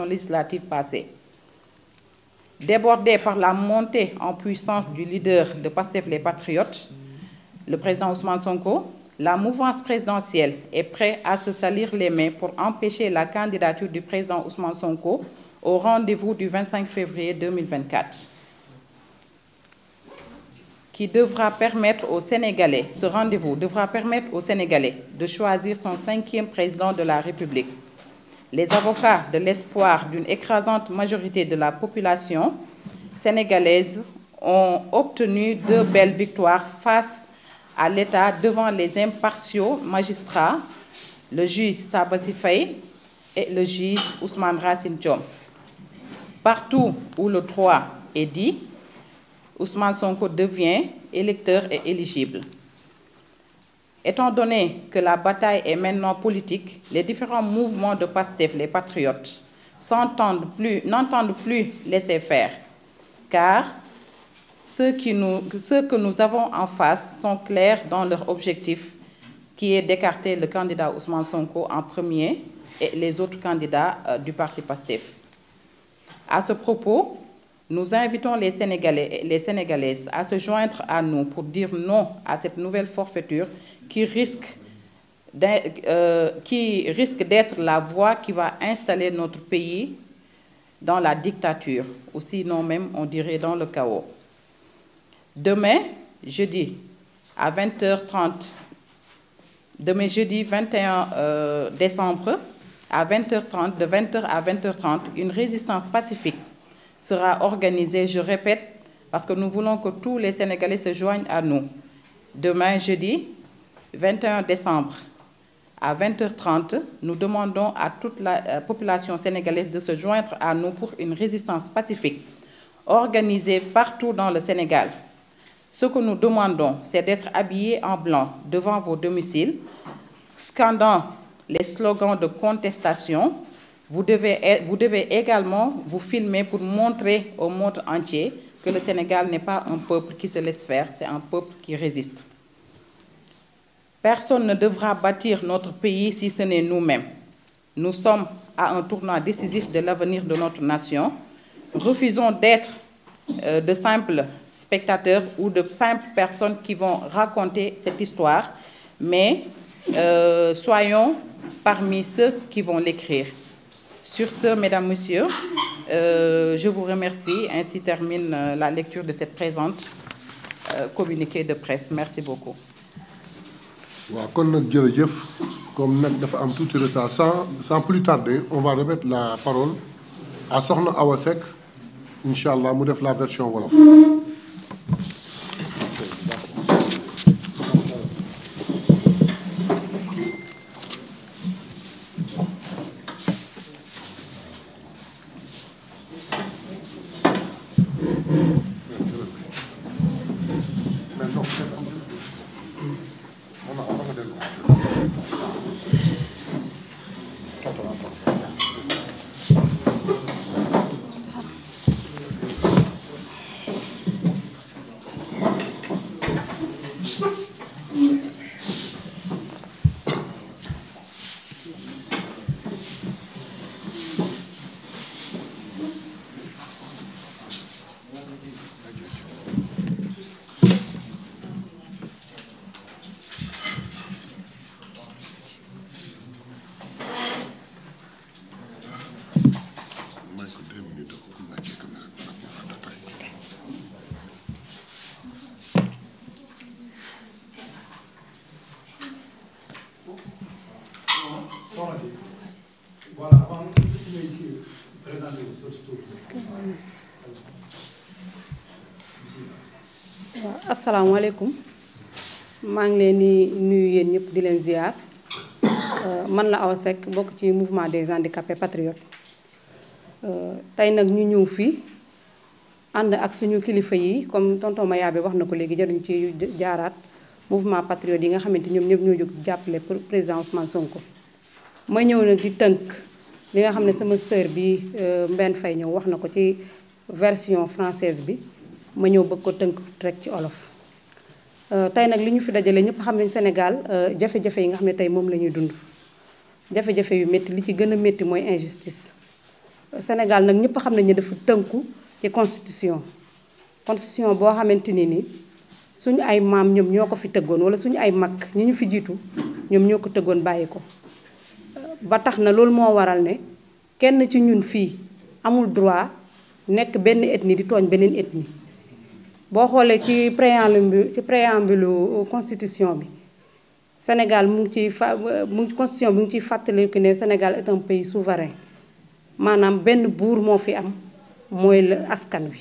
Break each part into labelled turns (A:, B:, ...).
A: législative passée. Débordé par la montée en puissance du leader de PASTEF les Patriotes, le président Ousmane Sonko, la mouvance présidentielle est prête à se salir les mains pour empêcher la candidature du président Ousmane Sonko au rendez-vous du 25 février 2024, qui devra permettre au Sénégalais, ce rendez-vous devra permettre au Sénégalais de choisir son cinquième président de la République. les avocats de l'espoir d'une écrasante majorité de la population sénégalaise ont obtenu deux belles victoires face à l'État devant les impartiaux magistrats, le juge Sabasi et le juge Ousmane Racine Diom. Partout où le droit est dit, Ousmane Sonko devient électeur et éligible. Étant donné que la bataille est maintenant politique, les différents mouvements de PASTEF, les patriotes, n'entendent plus, plus laisser faire, car ceux, que nous avons en face sont clairs dans leur objectif, qui est d'écarter le candidat Ousmane Sonko en premier et les autres candidats euh, du parti PASTEF. À ce propos, nous invitons les Sénégalais et les à se joindre à nous pour dire non à cette nouvelle forfaiture qui risque euh, qui risque d'être la voie qui va installer notre pays dans la dictature, ou sinon même on dirait dans le chaos. Demain, jeudi, à 20h30, demain jeudi 21 euh, décembre, à 20 h de 20 à 20h30, une résistance pacifique sera organisée, je répète, parce que nous voulons que tous les Sénégalais se joignent à nous. Demain jeudi, 21 décembre à 20h30, nous demandons à toute la euh, population sénégalaise de se joindre à nous pour une résistance pacifique organisée partout dans le Sénégal. Ce que nous demandons, c'est d'être habillés en blanc devant vos domiciles, scandant les slogans de contestation. Vous devez, vous devez également vous filmer pour montrer au monde entier que le Sénégal n'est pas un peuple qui se laisse faire, c'est un peuple qui résiste. Personne ne devra bâtir notre pays si ce n'est nous-mêmes. Nous sommes à un tournant décisif de l'avenir de notre nation. Refusons d'être euh, de simples spectateurs ou de simples personnes qui vont raconter cette histoire, mais euh, soyons parmi ceux qui vont l'écrire. Sur ce, Mesdames, Messieurs, euh, je vous remercie. Ainsi termine euh, la lecture de cette présente euh, communiqué de presse. Merci beaucoup. waaw kon nag jërëjëf comme nag dafa am tuuti retard sans sans plus tarder on va remettre la parole à Soxna Awa Seck incha allah mu def la version wolof.
B: waaw asalaamaaleykum maa ngi leen nii nuyu yéen ñëpp di leen ziar euh, man la Awa sekk bokk ci mouvement des handicapés patriotes euh, tey nag ñu ñëw fii ànd ak suñu kilifa yi comme tonton Mayabe wax na ko léegi jaruñ ci jaaraat mouvement patriote yi nga xamante ñoom ñëpp ñoo jóg jàppale pour président Ousmane Sonko ma ñëw nag di tënk. li nga xam ne sama sœur bi euh, Mbène Faye ñëw wax na ko ci version française bi ma ñëw bëgg ko tënk rek ci olof. Euh, tey nag li ñu fi dajale ñëpp xam nañ senegal euh, jafe-jafe yi nga xam ne tey moom la ñuy dund jafe-jafe yu métti li ci gën a métti mooy injustice. Sénégal nag ñëpp xam nañ ñu dafa tënku ci constitution constitution boo xamante ni ni suñu ay maam ñoom ñoo ko fi tëggoon wala suñu ay mag ñu ñu fi jiitu ñoom ñoo ko tëggoon bàyyi ko. ba tax na loolu moo waral ne kenn ci ñun fii amul droit nekk benn ethnie di tooñ beneen ethnie boo xoolee ci préambule bi ci préambule constitution bi Sénégal mu ci fa mu ngi constitution bi mu ngi ciy fàttaliku ne Sénégal est un pays souverain maanaam benn buur moo fi am mooy askan wi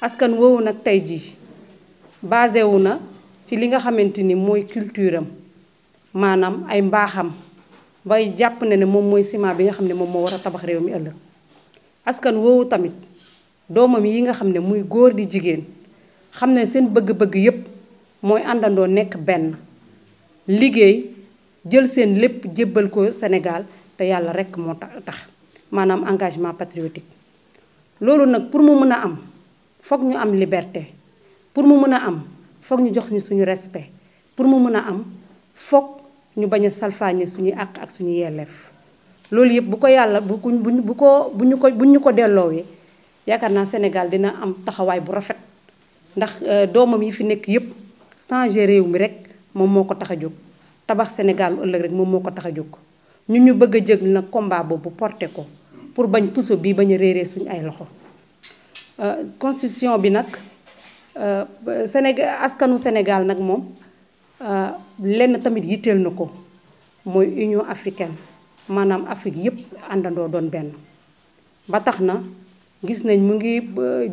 B: askan woowu nag tey jii basé wu na ci li nga xamante ni mooy culture am maanaam ay mbaaxam bay jàpp na ne moom mooy ciment bi nga xam ne moom moo war a tabax réew mi ëllëg askan woowu tamit doomam yi nga xam ne muy góor di jigéen xam ne seen bëgg-bëgg yépp mooy àndandoo nekk benn liggéey jël seen lépp jébbal ko Sénégal te yàlla rekk moo tax maanaam engagement patriotique loolu nag pour mu mën a am foog ñu am liberté pour mu mën a am foog ñu jox suñu respect pour mu mën a am foog ñu bañ a salfaañe suñuy àq ak suñu yelleef loolu yëpp bu ko yàlla bu bu ko bu ñu ko bu ñu ko delloowee yaakaar naa Sénégal dina am taxawaay bu rafet ndax euh, doomam yi fi nekk yëpp changer réew mi rek moom moo ko tax a jóg tabax Sénégal ëllëg moom moo ko tax a jóg ñun ñu bëgg a jëg nag combat boobu porté ko pour bañ puso bii bañ a réeree suñu ay loxo euh, constitution bi nag euh, Sénégal askanu Sénégal nag moom Euh, lenn tamit yitteel na ko mooy Union africaine maanaam Afrique yépp àndandoo doon benn ba tax na gis nañ mu ngi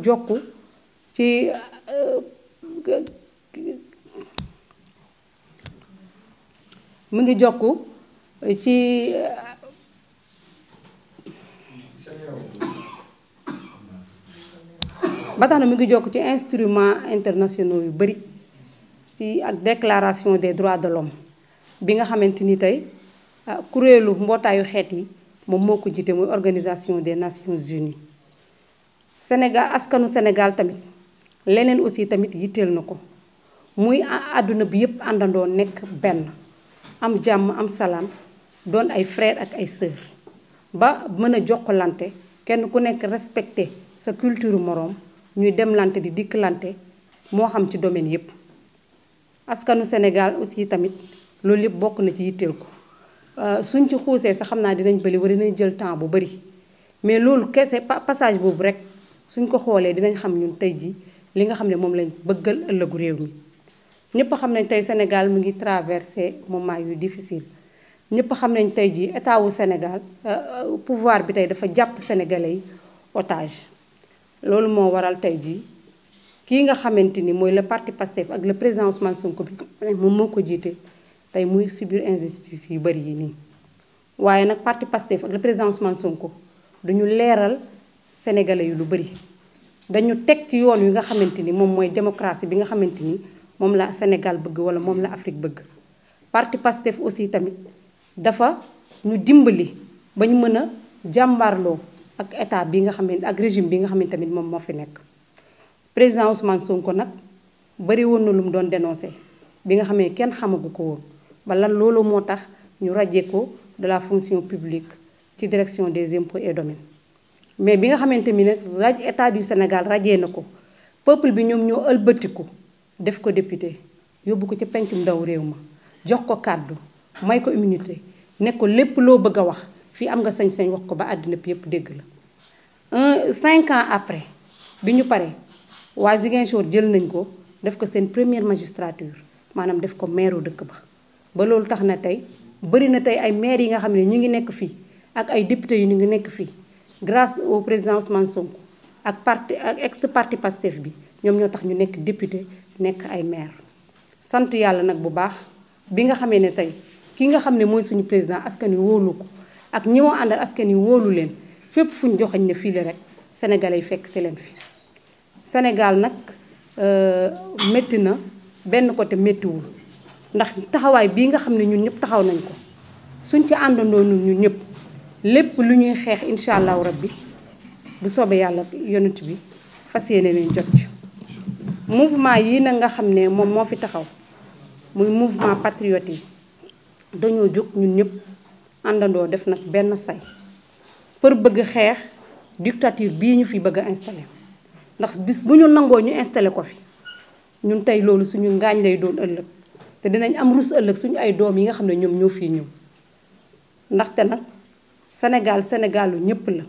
B: jokk ci euh, mu ngi jokk ci ba tax na mu ngi jokk ci instruments internationaux yu bari ci ak déclaration des droits de l'homme bi nga xamante ni tey ah, kuréelu mbootaayu xeet yi moom moo ko jiite muy organisation des nations unies Sénégal askanu Sénégal tamit leneen aussi tamit yitteel na ko muy àdduna bi yépp àndandoo nekk benn am jàmm am salaam doon ay frères ak ay sœurs ba mën a jokkalante kenn ku nekk respecté sa culture moroom ñuy demlante di dikkalante moo xam ci domaine yépp askanu Sénégal aussi tamit loolu yëpp bokk na ci yitteel ko euh, suñ ci xuusee sax xam naa dinañ bëri wala nañ jël temps bu bëri mais loolu kese passage boobu rek suñ ko xoolee dinañ xam ñun tey ji li nga xam ne moom lañ bëggal ëllëgu réew mi ñëpp xam nañ tey Sénégal mu ngi traversé moment yu difficile ñëpp xam nañ tey ji état wu Sénégal euh, euh, pouvoir bi tey dafa jàpp sénégalais yi loolu moo waral tey ji kii nga xamante ni mooy la parti Pastef ak le président Ousmane Sonko bi moom moo ko jiite tey muy subir injustice yu bari yi nii waaye nag parti Pastef ak le président Ousmane Sonko dañu leeral sénégalais yu lu bari dañu teg ci yoon wi nga xamante ni moom mooy démocratie bi nga xamante ni moom la Sénégal bëgg wala moom la Afrique bëgg parti Pastef aussi tamit dafa ñu dimbali ba ñu mën a jàmbaarloo ak état bi nga xamante ak régime bi nga xamante tamit moom moo fi nekk président Ousmane ko nag bari woon na lu mu doon dénoncé bi nga xamee kenn xamagu ko woon ba lan loolu moo tax ñu rajee ko de la fonction publique ci direction des impôts et domaines mais bi nga xamante ni nag raj état du Sénégal rajee na ko peuple bi ñoom ñoo ëlbatiku def ko député yóbbu ko ci pencum ndaw réew ma jox ko kàddu may ko immunité ne ko lépp loo bëgg a wax fii am nga sañ-sañ wax ko ba àddina bi yëpp dégg la un cinq ans après bi ñu paree. waa Ziguinchor jël nañ ko def ko seen première magistrature maanaam def ko maire dëkk ba ba loolu tax na tey bëri na tey ay maire yi nga xam ne ñu ngi nekk fii ak ay député yu ñu ngi nekk fii grace au président Ousmane Sonko ak parti ak ex parti Pastef bi ñoom ñoo tax ñu nekk député nekk ay maire sant yàlla nag bu baax bi nga xamee ne tey ki nga xam ne mooy suñu président askan wi wóolu ko ak ñi ànd àndal askan wi wóolu leen fépp fu ñu joxañ ne fii la rek sénégalais yi fekk si leen fi Sénégal nag euh, métti na benn côté méttiwul ndax taxawaay bii nga xam ne ñun ñëpp taxaw nañ ko suñ ci àndandoo ñun ñëpp lépp lu ñuy xeex incha allahu rabbi bu soobee yàlla yonent bi fas yéene leen jot ci. mouvement yii nag nga xam ne moom moo fi taxaw muy mouvement patriote yi dañoo jóg ñun ñëpp àndandoo def nag benn say pour bëgg xeex dictature bii ñu fi bëgg a ndax bis bu ñu nangoo ñu installé ko fi ñun tey loolu suñu ngaañ lay doon ëllëg te dinañ am rus ëllëg suñu ay doom yi nga xam ne ñoom ñoo fii ñëw ndaxte nag senegal senegalu ñëpp la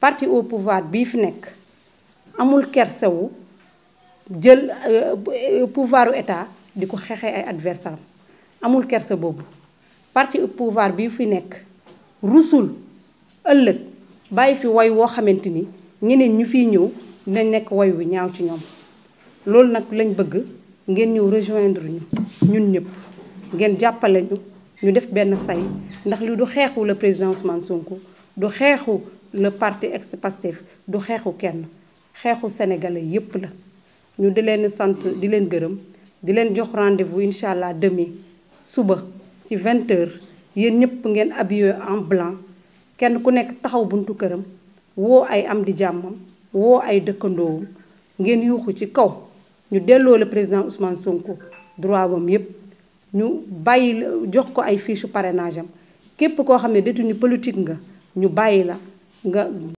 B: parti au pouvoir bii fi nekk amul kersewu jël euh, pouvoiru état di ko xeexee ay adversaire amul kerse boobu parti au pouvoir bii fi nekk rusul ëllëg bàyyi fi woy woo xamante ni ñeneen ñu fi ñëw dinañ nekk woy wu ñaaw ci ñoom loolu nag lañ bëgg ngeen ñëw rejoindre ñu ñun ñëpp ngeen jàppale ñu def benn say ndax li du xeexu la président Ousmane Sonko du xeexu le parti ex du xeexu kenn xeexu sénégalais yépp la ñu di leen sant di leen gërëm di leen jox rendez-vous incha allah demain suba ci 20h yéen ñëpp ngeen habillé en blanc kenn ku nekk taxaw buntu këram woo ay am di jàmmam woo ay dëkkandoowum ngeen yuuxu ci kaw ñu delloo le président Ousmane Sonko droit wam yépp ñu bàyyi jox ko ay fiche parrainage am képp koo xam ne détenu politique nga ñu bàyyi la nga